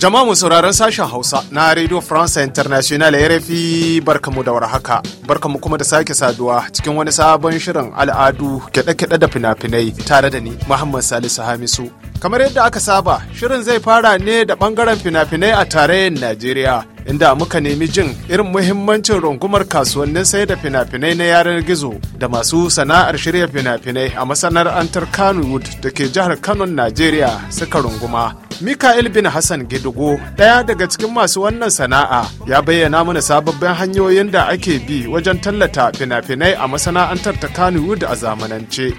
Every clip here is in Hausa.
Jama'a mu sauraron sashen Hausa na Radio France International RFI barkamu da warhaka. Barkamu kuma da sake saduwa cikin wani sabon shirin al'adu kyaɗe-kyaɗe da fina-finai tare da ni Muhammad Salisu Hamisu. Kamar yadda aka saba, shirin zai fara ne da ɓangaren fina-finai a tarayyar Najeriya inda muka nemi jin irin muhimmancin rungumar kasuwannin sai da fina-finai na yaren gizo da masu sana'ar shirya fina-finai a masana'antar Kannywood da ke jihar Kano, Najeriya suka runguma. Mikael bin Hassan Gidugo, ɗaya daga cikin masu wannan sana'a, ya bayyana mana sababbin hanyoyin da ake bi wajen tallata fina-finai a masana'antar ta Kannywood a zamanance.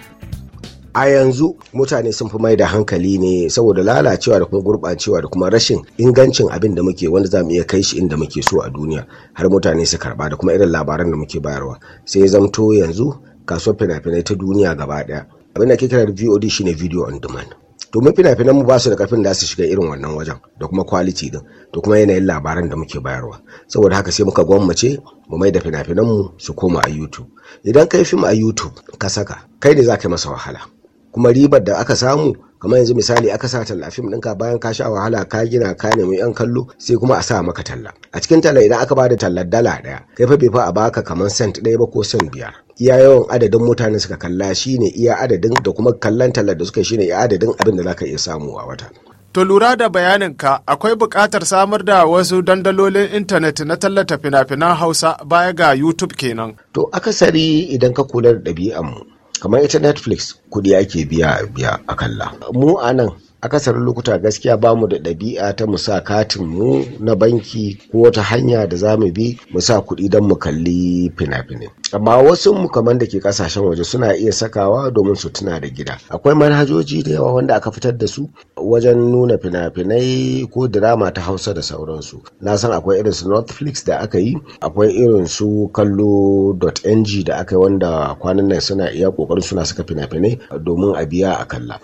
a yanzu mutane sun fi mai da hankali ne saboda lalacewa da kuma gurbancewa da kuma rashin ingancin abin da muke wanda za mu iya kai shi inda muke so a duniya har mutane su karba da kuma irin labaran da muke bayarwa sai zamto yanzu kasuwar fina-finai ta duniya gaba daya abin da ke kira da VOD shine video on demand domin fina-finan mu ba su da karfin da su shiga irin wannan wajen da kuma quality din da kuma yanayin labaran da muke bayarwa saboda haka sai muka gwammace mu mai da fina-finan mu su koma a YouTube idan kai fim a YouTube ka saka kai ne za ka masa wahala kuma ribar da aka samu kamar yanzu misali aka sa talla fim ɗinka bayan ka sha wahala ka gina ka nemi yan kallo sai kuma a sa maka talla a cikin talla idan aka bada tallar dala ɗaya kai fa bai fa a baka kamar cent ɗaya ba ko cent biyar iya yawan adadin mutane suka kalla shine iya adadin da kuma kallon talla da suka shine iya adadin abin da zaka iya samu a wata To lura da bayanin ka, akwai buƙatar samar da wasu dandalolin intanet na tallata fina-finan Hausa baya ga YouTube kenan. To akasari idan ka kula da ɗabi'anmu kamar ita netflix kuɗi ake biya a biya a kalla mu a nan akasarin lokuta gaskiya ba mu da ɗabi'a ta mu sa katin mu na banki ko ta hanya da za mu bi mu sa kuɗi don mu kalli fina-finai amma wasu mu kamar da ke kasashen waje suna iya sakawa domin su tuna da gida akwai manhajoji da yawa wanda aka fitar da su wajen nuna fina-finai ko drama ta hausa da sauransu na san akwai irin su netflix da aka yi akwai irin su kallo.ng da aka yi wanda kwanan nan suna iya kokarin suna saka fina-finai domin a biya a kalla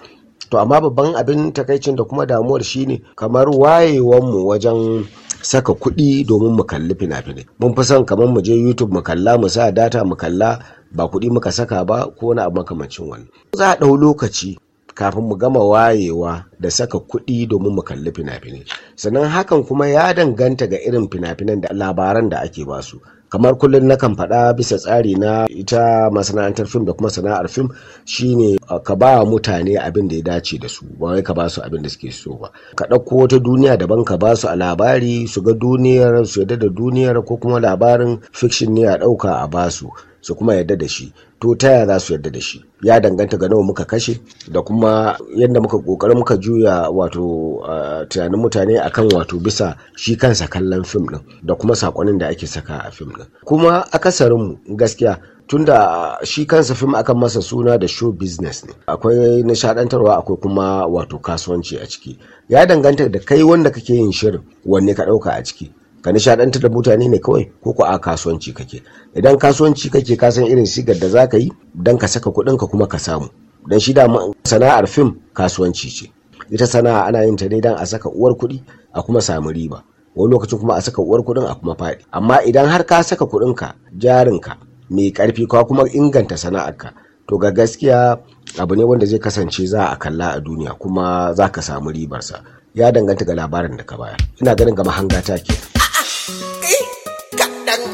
to amma babban abin takaicin da kuma damuwar shine kamar wayewanmu wajen saka kuɗi domin mu kalli fina-finai mun fi son kamar mu je youtube mu kalla mu sa data mu kalla ba kuɗi muka saka ba ko wani abu makamancin wani za a ɗau lokaci kafin mu gama wayewa da saka kuɗi domin mu kalli fina-finai sannan hakan kuma ya danganta ga irin fina-finan da labaran da ake basu kamar kullum na kan faɗa bisa tsari na ita masana'antar fim da kuma sana'ar fim shine ka ba mutane abin da ya dace da su ba wai ka ba su abin da suke so ba ka ɗauko wata duniya daban ka ba su a labari su ga duniyar su yadda da duniyar ko kuma labarin fiction ne a ɗauka a ba su su kuma yadda da shi to ta yaya za su yadda da shi ya danganta ga nawa muka kashe da kuma yadda muka kokari muka juya wato tunanin mutane akan wato bisa shi kansa kallon fim din da kuma sakonin da ake saka a fim din kuma akasarin gaskiya tunda shi kansa fim akan masa suna da show business ne akwai nishadantarwa akwai kuma wato kasuwanci a ciki ya danganta da kai wanda kake yin shirin wanne ka dauka a ciki ka nishadantar da mutane ne kawai ko ko a kasuwanci kake idan kasuwanci kake ka san irin sigar da zaka yi dan ka saka kuɗin ka kuma ka samu dan shi da sana'ar fim kasuwanci ce ita sana'a ana yin ta ne dan a saka uwar kuɗi a kuma samu riba wani lokacin kuma a saka uwar kuɗin a kuma faɗi amma idan har ka saka kuɗin ka jarin ka mai karfi ka kuma inganta sana'ar ka to ga gaskiya abu ne wanda zai kasance za a kalla a duniya kuma za ka samu ribarsa ya danganta ga labarin da ka bayar ina ganin ga mahanga ta kenan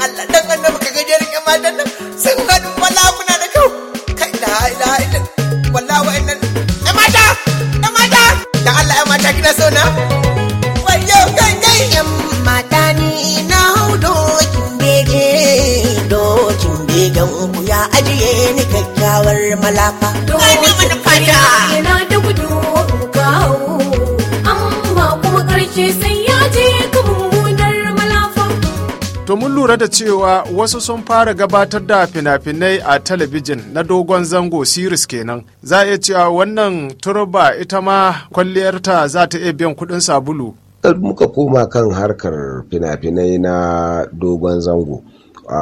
Allah dan annabi ka ga jarin yan matan nan sun haɗu lura da cewa wasu sun fara gabatar da fina-finai a talabijin na dogon zango siris kenan za a iya cewa wannan turba ita ma kwalliyarta za ta iya biyan kuɗin sabulu muka koma kan harkar fina-finai na dogon zango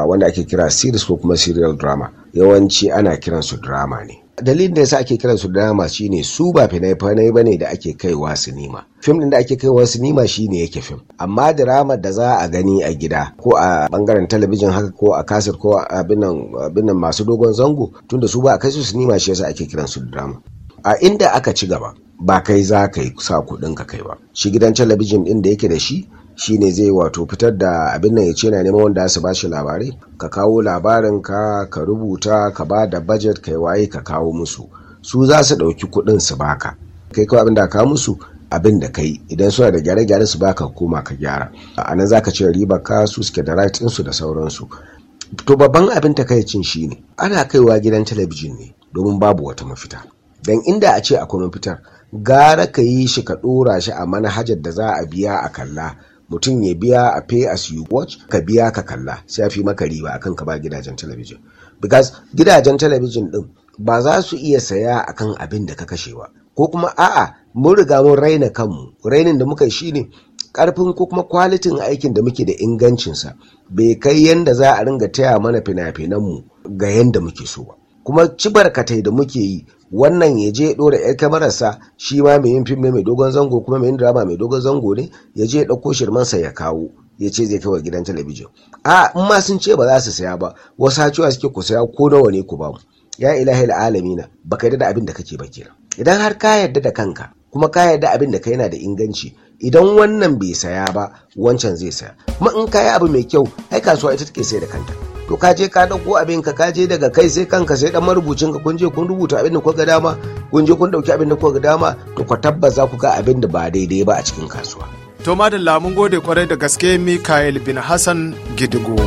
wanda ake kira series ko kuma serial drama yawanci ana kiransu drama ne dalilin da yasa ake kiran su drama shine su ba fina-finai ne da ake kaiwa sinima fim din da ake kaiwa sinima shine yake fim amma drama da za a gani a gida ko a bangaren talabijin haka ko a kasir ko a masu dogon zango tunda su ba a kai su sinima shi yasa ake kiran su drama a inda aka ci gaba ba kai za ka yi sa kuɗin ka kai ba shi gidan talabijin din da yake da shi Shi ne zai wato fitar da abin nan ya ce na neman wanda su bashi labarai ka kawo labarin ka ka rubuta ka ba da budget kai waye ka kawo musu su za su ɗauki kuɗin su baka kai kawo abin da ka musu abin da kai idan suna da gyare-gyare su baka koma ka gyara a nan zaka ce riba ka su suke da right su da sauransu to babban abin takaicin shine ana kaiwa gidan talabijin ne domin babu wata mafita Dan inda a ce akwai mafitar gara ka yi shi ka ɗora shi a manhajar da za a biya a kalla mutum ya biya a pay as you watch ka biya ka kalla sai fi maka riba akan ka ba gidajen talabijin because gidajen talabijin din ba za su iya saya akan abin da ka kashe ba ko kuma a'a mun riga mun raina kanmu rainin da muka shi ne karfin ko kuma kwalitin aikin da muke da ingancinsa bai kai yanda za a ringa taya mana fina-finanmu ga yanda muke so ba kuma ci barkatai da muke yi wannan ya je ya ɗora yar kamararsa shi ma mai yin fim mai dogon zango kuma mai yin drama mai dogon zango ne ya je ya ɗauko shirmansa ya kawo ya ce zai wa gidan talabijin a in ma sun ce ba za su saya ba wasu hacewa suke ku saya ko nawa ne ku bamu ya ilahi alamina baka yarda da abin da kake ba kenan idan har ka yarda da kanka kuma ka yarda abin da ka yana da inganci idan wannan bai saya ba wancan zai saya kuma in ka yi abu mai kyau ai kasuwa ita take sai da kanta to ka je ka dauko abin ka ka je daga kai sai kanka sai dan marubucin ka kun je kun rubuta abin da kuka ga dama kun je kun dauki abin da kuka ga dama to ku tabbata ku ga abin da ba daidai ba a cikin kasuwa to madalla mun gode kwarai da gaske Mikael bin Hassan Gidigo.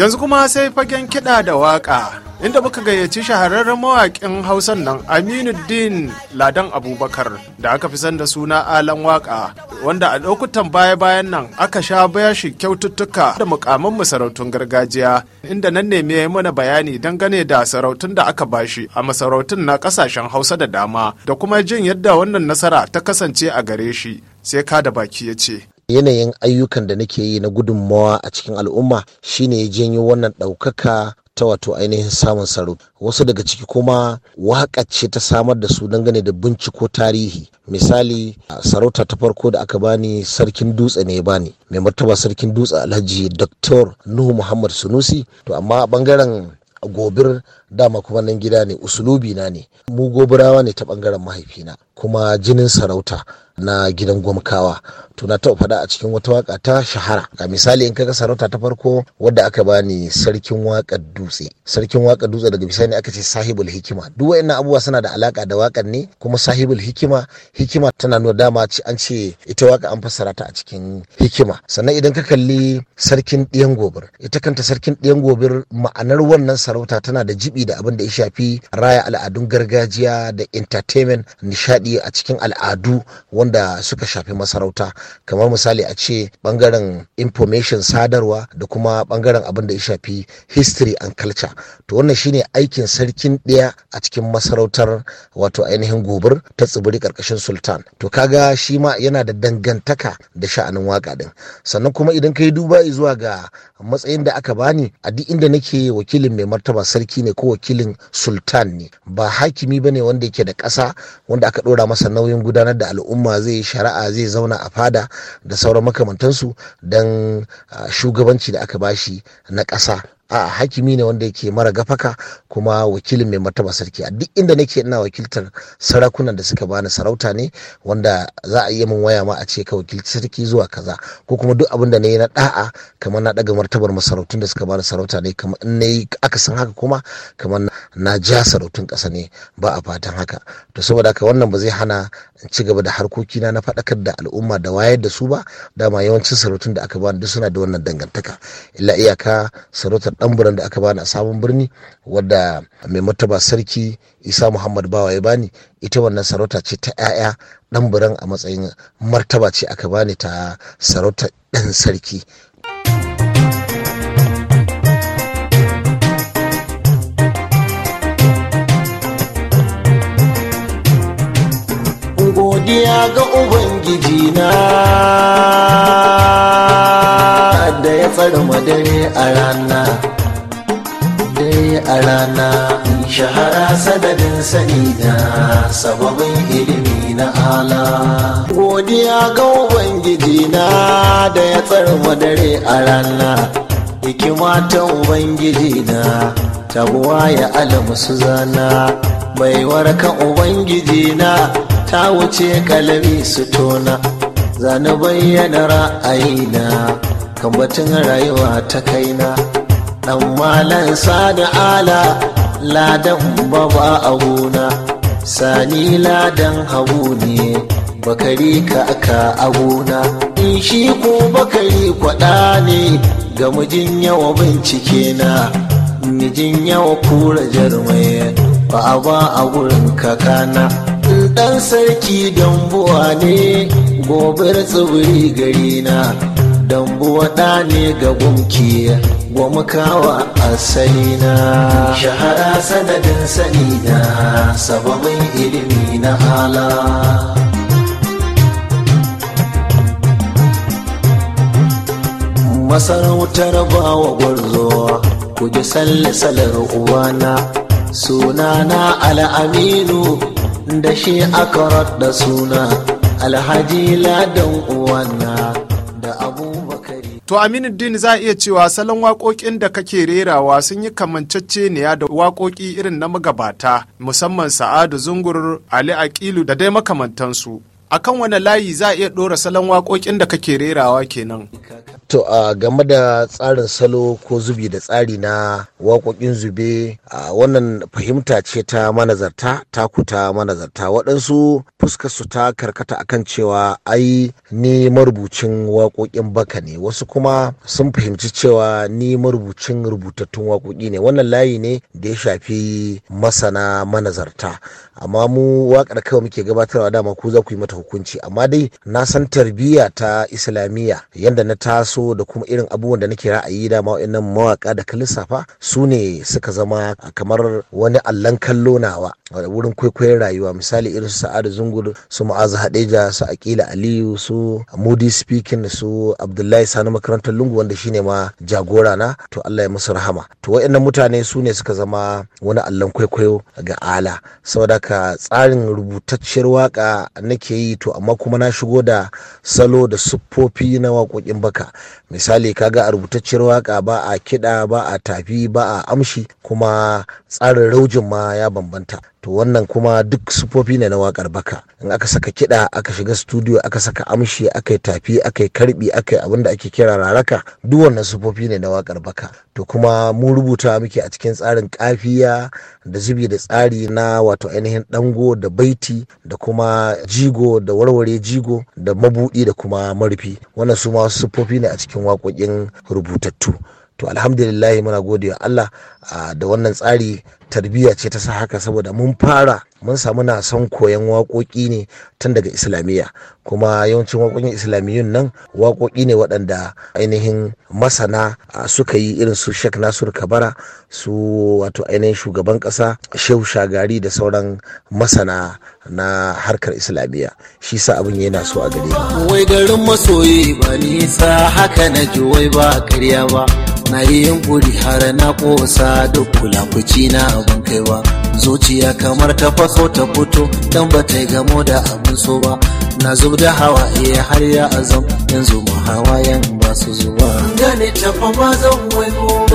Yanzu kuma sai fagen kiɗa da waƙa, inda muka gayyaci shahararren mawaƙin Hausan nan Aminu Din Ladan Abubakar da aka fi sanda suna Alan Waƙa, wanda a lokutan baya-bayan nan aka sha baya shi kyaututtuka da mukamin masarautun gargajiya, inda nan ne ya mana bayani dangane da sarautun da aka bashi a masarautun na ƙasashen Hausa da dama, da kuma jin yadda wannan nasara ta kasance a gare shi, sai ka da baki ya ce. yanayin ayyukan da nake yi na gudunmawa a cikin al'umma shine ya janyo wannan ɗaukaka ta wato ainihin samun saro wasu daga ciki kuma waka ce ta samar da su dangane da binciko tarihi misali sarauta ta farko da aka bani sarkin dutse ne bani mai martaba sarkin dutse alhaji dr nuhu muhammad sunusi to amma a bangaren gobir dama kuma nan gida ne usulubi na ne mu goburawa ne ta bangaren mahaifina kuma jinin sarauta na gidan gwamkawa to na taɓa faɗa a cikin wata waka ta shahara ga misali in kaga sarauta ta farko wadda aka bani sarkin waka dutse sarkin waka dutse daga bisani aka ce sahibul hikima duk wayannan abubuwa suna da alaka da wakan ne kuma sahibul hikima hikima tana nuna dama an ce ita waka an fassara ta a cikin hikima sannan idan ka kalli sarkin ɗiyan gobir ita kanta sarkin ɗiyan gobir ma'anar wannan sarauta tana da jibi nishadi da abin da ya shafi raya al'adun gargajiya da entertainment nishadi a cikin al'adu wanda suka shafi masarauta kamar misali a ce bangaren information sadarwa da kuma bangaren abin da ya shafi history and culture to wannan shine aikin sarkin ɗaya a cikin masarautar wato ainihin gobir ta tsibiri karkashin sultan to kaga shi ma yana da dangantaka da sha'anin waka din sannan kuma idan ka yi duba zuwa ga matsayin da aka bani a duk inda nake wakilin mai martaba sarki ne ko wakilin sultan ne ba hakimi ba ne wanda yake da ƙasa wanda aka ɗora masa nauyin gudanar da al'umma zai yi shari'a zai zauna a fada da sauran makamantansu don ah, shugabanci da aka bashi na ƙasa a hakimi ne wanda yake mara gafaka kuma wakilin mai martaba sarki a duk inda nake ina wakiltar sarakunan da suka bani sarauta ne wanda za a iya min waya ma a ce ka wakilci sarki zuwa kaza ko kuma duk abin da na yi na da'a kamar na daga martabar masarautun da suka bani sarauta ne kamar in na yi aka san haka kuma kamar na ja sarautun ƙasa ne ba a fatan haka to saboda haka wannan ba zai hana in ci gaba da harkokina na faɗakar da al'umma da wayar da su ba dama yawancin sarautun da aka bani duk suna da wannan dangantaka illa iyaka sarautar dan buran da aka bani a sabon birni wadda mai martaba sarki isa muhammad bawa ya bani ita wannan sarauta ce ta 'ya'ya dan buran a matsayin martaba ce aka bani ta sarauta dan sarki ya ga ubangiji na da ya tsara madare a rana dare a rana shahara sadadin sani sababin ilimi na ala godiya ga ubangiji na da ya tsara madare a rana hikima ta ubangiji na tabuwa ya alamu su zana baiwar ka ubangiji na ta wuce kalami su tona zane bayyana ra'ayina kan batun rayuwa ta kaina dan malan sada ala ladan baba abuna sani ladan Habu ne bakari ka aka abuna in shi ko bakari kwaɗa ne ga mijin yawa bincike na mijin yawa kura jarmai ba a ba a gurin kakana dan sarki dambuwa ne gobar tsibiri gari na dambuwa da ne ga gumki a asali na shahara sanadin sani na sababin ilimi na hala masarautar bawa gwarzo ku ji sallisalar uwana sunana al'aminu da shi aka da suna alhaji ladan uwana da abubakari. To Aminu Din za iya cewa salon waƙoƙin da kake rerawa sun yi kamancacce ne da waƙoƙi irin na magabata musamman Sa'adu Zungur, Ali Aƙilu da dai makamantansu. akan wani layi za a iya ɗora salon waƙoƙin da kake rerawa kenan to a game da tsarin salo ko zubi da tsari na waƙoƙin zube a wannan fahimta ce ta manazarta ta kuta manazarta waɗansu fuskar su ta karkata akan cewa ai ni marubucin waƙoƙin baka ne wasu kuma sun fahimci cewa ni marubucin rubutattun waƙoƙi ne wannan layi ne da ya shafi masana manazarta amma mu waƙar kawai muke gabatarwa dama ku za ku yi mata hukunci amma dai na san tarbiyya ta islamiyya yadda na taso da kuma irin abubuwan da nake ra'ayi da ma wa'annan mawaka da ka lissafa su ne suka zama kamar wani allon kallo nawa wurin kwaikwayon rayuwa misali irin su sa'adu zungur su ma'azu hadeja su akila aliyu su mudi speaking su abdullahi sani makarantar lungu wanda shine ma jagora na to allah ya musu rahama to wa'annan mutane su ne suka zama wani allon kwaikwayo ga ala saboda ka tsarin rubutacciyar waka nake yi to amma kuma na shigo da salo da siffofi na waƙoƙin baka misali kaga a rubutacciyar waƙa ba a kiɗa ba a tafi ba a amshi kuma tsarin raujin ma ya bambanta to wannan kuma duk sufofi ne na wakar baka in aka saka kiɗa aka shiga studio aka saka amshi aka yi tafi aka yi karbi aka yi abin da ake kira raraka duk wannan sufofi ne na wakar baka to kuma mu rubuta muke a cikin tsarin kafiya da zubi da tsari na wato ainihin dango da baiti da kuma jigo da warware jigo da mabudi da kuma marfi wannan su ma sufofi ne a cikin waƙoƙin rubutattu to alhamdulillah muna gode wa Allah da wannan tsari tarbiyya ce ta sa haka saboda mun fara mun samu na son koyan waƙoƙi ne tun daga islamiyya kuma yawancin waƙoƙin islamiyyun nan waƙoƙi ne waɗanda ainihin masana suka yi irin su shek nasur kabara su wato ainihin shugaban ƙasa shehu shagari da sauran masana na harkar islamiyya shi sa abin yana so a gare wai garin masoyi ba nisa haka na ji wai ba karya ba na yi yunkuri har na kosa duk kulakuci na abin kaiwa zuciya kamar ta faso ta fito dan ba ta gamo da abin so ba na zub da hawa iya har ya azam yanzu mu hawayen ba su zuwa gane ta fa ba zan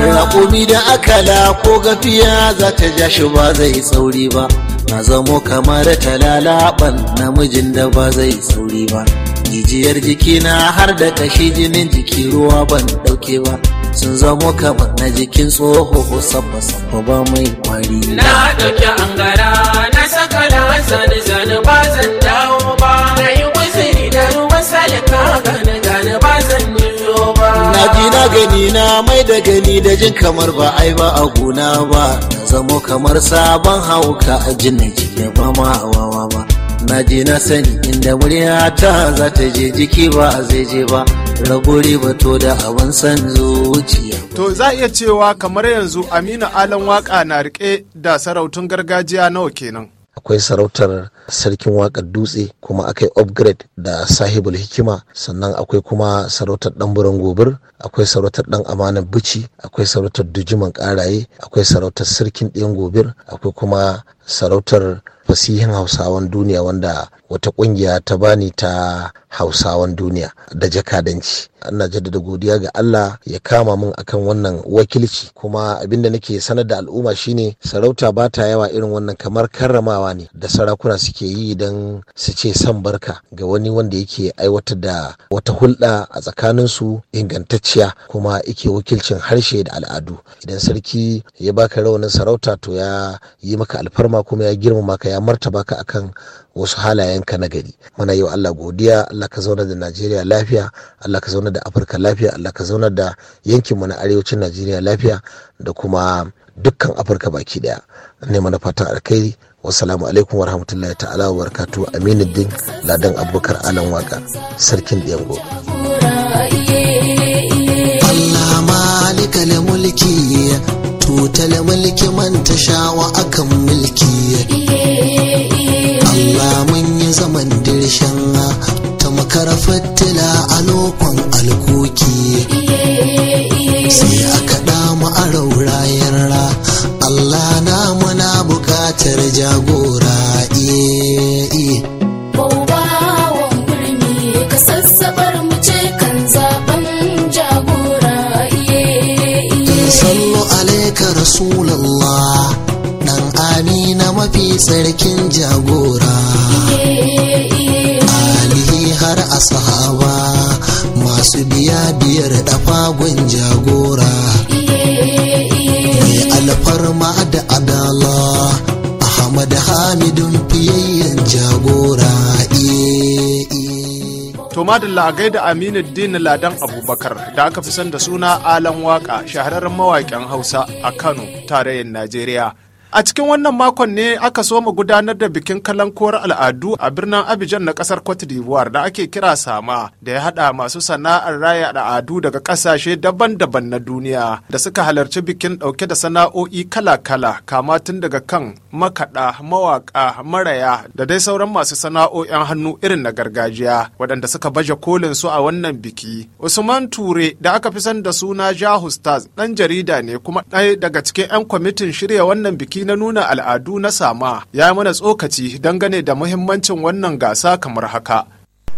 na ba da akala ko gafiya za ta ja shi ba zai tsauri ba na zamo kamar talalaban namijin da ba zai tsauri ba jijiyar jikina har da kashi jinin jiki ruwa ban dauke ba sun zamo kamar na jikin tsoho sabba sabba ba mai kwari na ɗauki angara na saka da zane zane ba zan dawo ba na yi guzuri da ruwan salika gane gane ba zan nuno ba na ji na gani na mai da gani da jin kamar ba ai ba a gona ba na zamo kamar sabon hauka a jin na jike ba ma wawa ba na je na sani inda murya ta za ta je jiki ba zai je ba raguri bato da abin san zuciya. To za iya cewa kamar yanzu Aminu Alan waka na rike da sarautun gargajiya nawa kenan. akwai sarautar sarkin wakar dutse kuma akai upgrade da sahibul hikima sannan akwai kuma sarautar dan buran gobir akwai sarautar dan amanar bici akwai sarautar dujiman karaye akwai sarautar sarkin ɗayan gobir akwai kuma sarautar fasihin hausawan duniya wanda wata kungiya ta bani ta hausawan duniya da jakadanci ana jaddada godiya ga Allah ya kama min akan wannan wakilci kuma abinda nake sanar da al'umma shine sarauta ba ta yawa irin wannan kamar karramawa ne da sarakuna suke yi idan su ce san barka ga wani wanda yake aiwatar da wata hulɗa a tsakaninsu ingantacciya kuma yake wakilcin harshe da al'adu idan sarki ya baka rawanin sarauta to ya yi maka alfarma kuma ya girmama ka ya martaba ka akan wasu halayenka na gari muna yi Allah godiya Allah ka zauna da Najeriya lafiya Allah ka zauna da Afirka lafiya Allah ka zauna da yankin mu na arewacin Najeriya lafiya da kuma dukkan Afirka baki daya ne mana fatan alkhairi wassalamu alaikum wa rahmatullahi ta'ala wa barakatu aminu din ladan abubakar alan waka sarkin diyango mulki tutal mulki man shawa akan mulki mun yi zaman alfarma da adala ahmad hamidun fiyayyen jagora eh, eh. to madalla gaida aminuddin ladan abubakar da aka fi san da suna alan waka shahararren mawaƙin hausa a kano tarayyar najeriya A cikin wannan makon ne aka so mu gudanar da bikin kalankuwar al'adu a birnin Abidjan na kasar Cote d'Ivoire da ake kira Sama da ya haɗa masu sana'ar raya al'adu daga ƙasashe daban-daban na duniya da suka halarci bikin ɗauke da sana'o'i kala-kala kama tun daga kan makaɗa, mawaƙa, maraya da dai sauran masu sana'o'in hannu irin na gargajiya waɗanda suka baje kolin su a wannan biki. Usman Ture da aka fi san da suna Jahu Stars ɗan jarida ne kuma ɗaya daga cikin 'yan kwamitin shirya wannan biki na nuna al'adu na sama ya yi mana tsokaci dangane da muhimmancin wannan gasa kamar haka.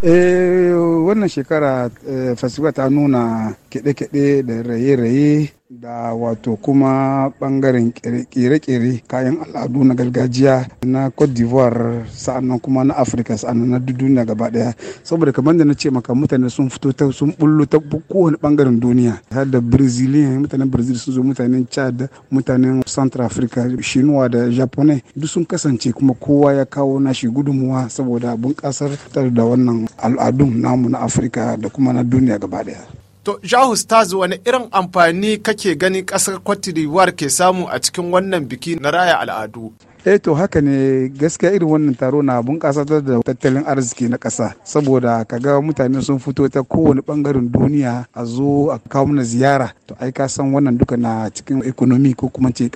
Eh, wannan shekara eh, fasiba ta nuna kiɗe-kiɗe da raye-raye da wato kuma bangaren kere-kere kayan al'adu na gargajiya na cote d'ivoire sa'annan kuma na afirka sa'annan na duniya gaba daya saboda kamar da na ce maka mutane sun fito ta sun bullo ta kowane bangaren duniya har da brazilian mutanen brazil sun zo mutanen chad mutanen central africa shinuwa da japanai duk sun kasance kuma kowa ya kawo nashi gudunmuwa saboda bunƙasar da wannan al'adun namu na afirka da kuma na duniya gaba daya To, Jahu Stars wani irin amfani kake gani ƙasar Cote d'Ivoire ke samu a cikin wannan biki na raya al'adu? eh to haka ne gaskiya irin wannan taro na bunƙasa da tattalin arziki na ƙasa saboda kaga mutane sun fito ta kowane ɓangaren duniya a zo a kawo mana ziyara to ai ka san wannan duka na cikin ekonomi ko kuma ce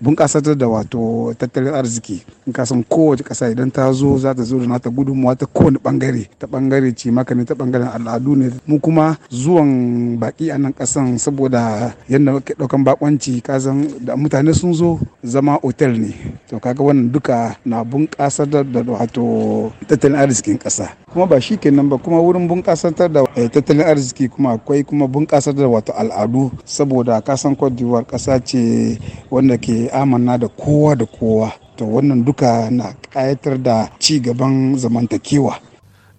bunƙasa da wato tattalin arziki in ka san kowace ƙasa idan ta zo za ta zo da nata gudunmuwa ta kowane ɓangare ta ɓangare ce maka ne ta ɓangaren al'adu ne mu kuma zuwan baki a nan ƙasan saboda yadda muke ɗaukan baƙwanci ka san da mutane sun zo zama otel ne to kaga wannan duka na bunƙasar da wato tattalin arzikin ƙasa kuma ba shi kenan ba kuma wurin bunƙasar da eh, tattalin arziki kuma akwai kuma bunƙasar da wato al'adu saboda kasan Cote ƙasa ce wanda ke amana da kowa da kowa to wannan duka na ƙayatar da ci gaban zamantakewa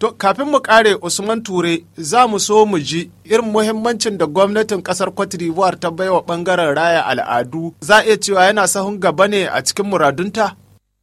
To, kafin mu kare Usman Ture za mu so mu ji irin muhimmancin da gwamnatin kasar Cote d'Ivoire ta baiwa ɓangaren raya al'adu za a iya cewa yana sahun gaba ne a cikin muradunta?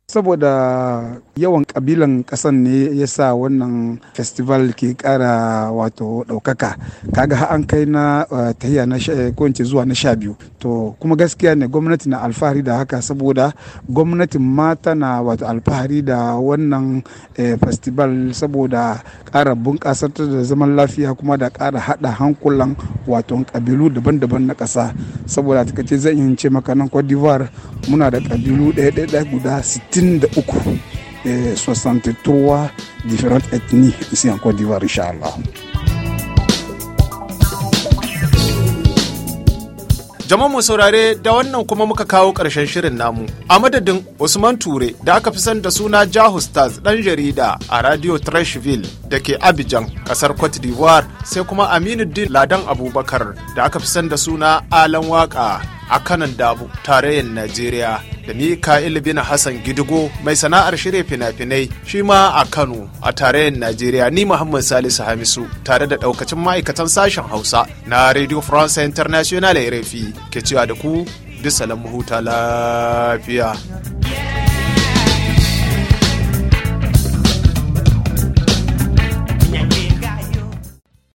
saboda yawan kabilan kasan ne ya sa wannan festival ke kara wato daukaka kaga har an kai na eh, tahiya na eh, ko zuwa na sha biyu to kuma gaskiya ne gwamnati na alfahari da haka saboda gwamnati ma tana wato alfahari da wannan eh, festival saboda kara bunƙasar da zaman lafiya kuma da kara hada hankulan wato kabilu daban-daban na ƙasa saboda ta ce zan ce maka nan cote d'ivoire muna da kabilu ɗaya-ɗaya guda 60 63 eh, différentes ethnies ici en Côte d'Ivoire, Richard. jama'a mu saurare da wannan kuma muka kawo ƙarshen shirin namu a madadin usman ture da aka fi san da suna jahu stars ɗan jarida a radio trashville da ke abidjan ƙasar cote d'ivoire sai kuma aminu din ladan abubakar da aka fi san da suna alan waka a kanan dabu tarayyar najeriya da ni ka'il bin hassan gidigo mai sana'ar shirya fina-finai shi ma a kano a tarayyar najeriya ni muhammad salisu hamisu tare da daukacin ma'aikatan sashen hausa na radio france international rfi ke cewa da ku bisa lamu lafiya lafiya